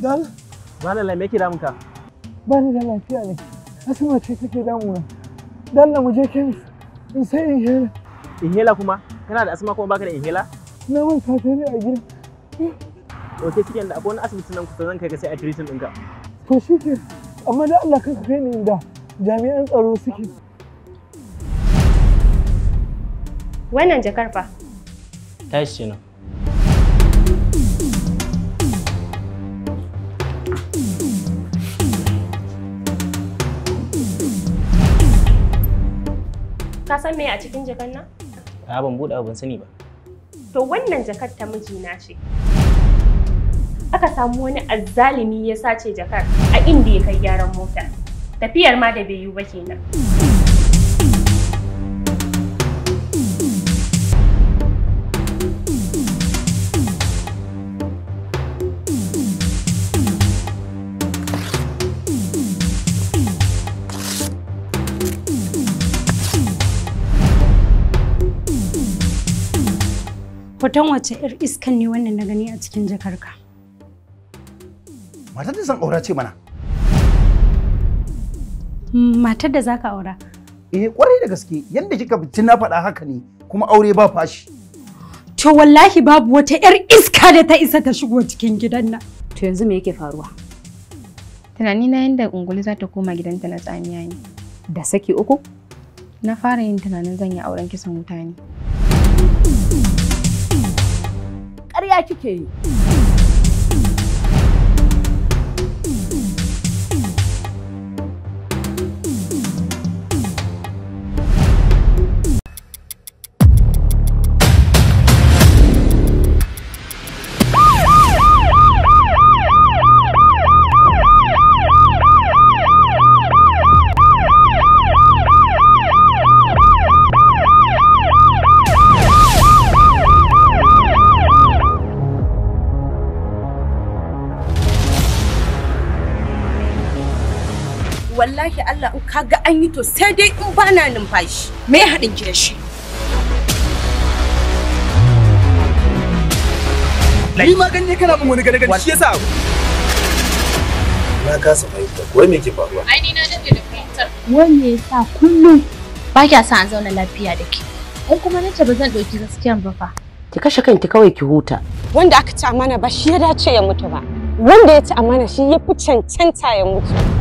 Dal. Malala me ke damunka? Ba ni da lafiya ne. Asma ce take damuna. Dalla mu je kemis. In sai inhela. Inhela kuma? Kana da asma kuma baka da inhela? Na mun fata ne a gida. Ok, cikin da akwai wani asibiti nan kusa zan kai ka sai a din ɗinka. To shi ke, amma da Allah kan kai ni inda jami'an tsaro suke. Wannan jakar fa? Tashi nan. Ka san me a cikin jakan nan? A ban buɗe ban sani ba. To wannan jakar ta mijina ce. Aka samu wani azzalimi ya sace jakar a inda ya kai gyaran mota. Tafiyar ma da bai yiwu ba kenan. Fatan wace 'yar iskan ne wannan na gani a cikin jakarka? Matar da zan aura ce mana. Matar da zaka aura? Eh kwarai da gaske yadda kika fitin na faɗa haka ne kuma aure ba fashi. To wallahi babu wata 'yar iska da ta isa ta shigo cikin gidan nan. To yanzu me yake faruwa? Tunani na yadda unguli za ta koma gidanta na tsamiya ne. Da saki uku? Na fara yin tunanin zan yi auren kisan wuta ne. critiquei. wallahi Allah in kaga an yi to sai dai in bana numfashi me ya haɗin ki da shi ni ma ganye kana mun wani gane shi yasa na kasa fahimta ko me ke faruwa ai ni na dade da fahimtar wanne yasa kullum ba kya sa an zauna lafiya da ke in kuma ce ba zan ɗauki gaskiyan ba fa ki kashe kanki kawai ki huta wanda aka ci amana ba shi ya dace ya mutu ba wanda ya ci amana shi ya fi cancanta ya mutu